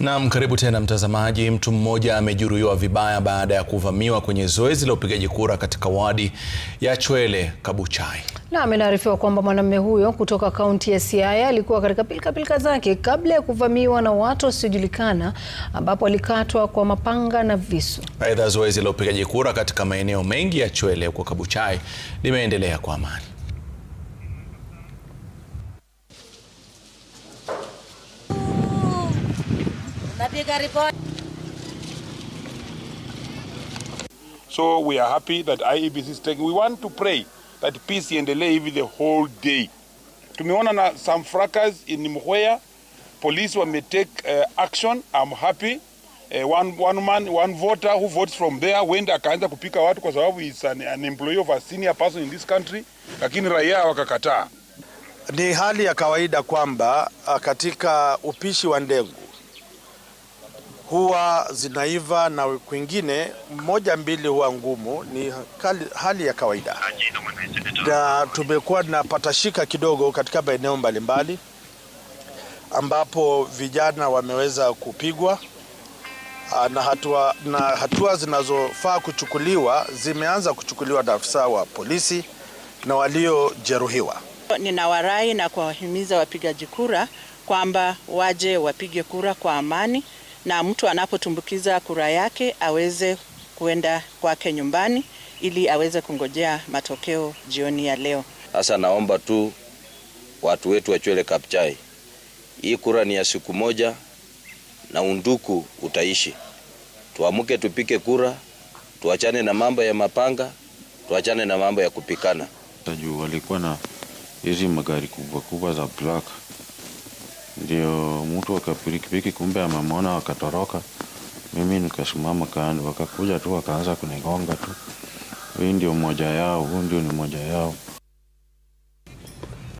Naam, karibu tena mtazamaji. Mtu mmoja amejeruhiwa vibaya baada ya kuvamiwa kwenye zoezi la upigaji kura katika wadi ya Chwele Kabuchai. Naam, inaarifiwa kwamba mwanamume huyo kutoka kaunti ya Siaya alikuwa katika pilkapilka zake kabla ya kuvamiwa na watu wasiojulikana ambapo alikatwa kwa mapanga na visu. Aidha, zoezi la upigaji kura katika maeneo mengi ya Chwele huko Kabuchai limeendelea kwa amani. Tunapiga ripoti. So we are happy that IEBC is taking. We want to pray that peace iendelee hivi the whole day. Tumeona na some fracas in Mwea. Police wametake uh, action. I'm happy. Uh, one, one man, one voter who votes from there wenda akaanza kupika watu kwa sababu is an, an employee of a senior person in this country, lakini raia wakakataa. Ni hali ya kawaida kwamba uh, katika upishi wa ndengu huwa zinaiva na kwingine moja mbili huwa ngumu, ni hali, hali ya kawaida, na tumekuwa shika kidogo katika maeneo mbalimbali ambapo vijana wameweza kupigwa ah, na hatua, na hatua zinazofaa kuchukuliwa zimeanza kuchukuliwa na afisa wa polisi na waliojeruhiwa. Ninawarai na kuwahimiza wapigaji kura kwamba waje wapige kura kwa amani na mtu anapotumbukiza kura yake aweze kuenda kwake nyumbani ili aweze kungojea matokeo jioni ya leo. Sasa naomba tu watu wetu wachwele kapchai hii kura ni ya siku moja na unduku utaishi. Tuamke tupike kura, tuachane na mambo ya mapanga, tuachane na mambo ya kupikana. Juu walikuwa na hizi magari kubwa kubwa za black ndio mtu akapikipiki kumbe amemwona wakatoroka Mimi nikasimama kando, wakakuja tu wakaanza kunigonga tu. hii ndio mmoja yao, huu ndio ni mmoja yao.